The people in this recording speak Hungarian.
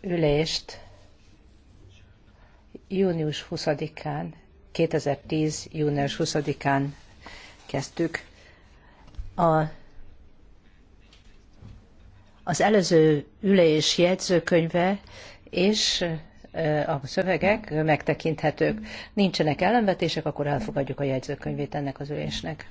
ülést június 20-án, 2010. június 20-án kezdtük. A, az előző ülés jegyzőkönyve és a szövegek megtekinthetők. Nincsenek ellenvetések, akkor elfogadjuk a jegyzőkönyvét ennek az ülésnek.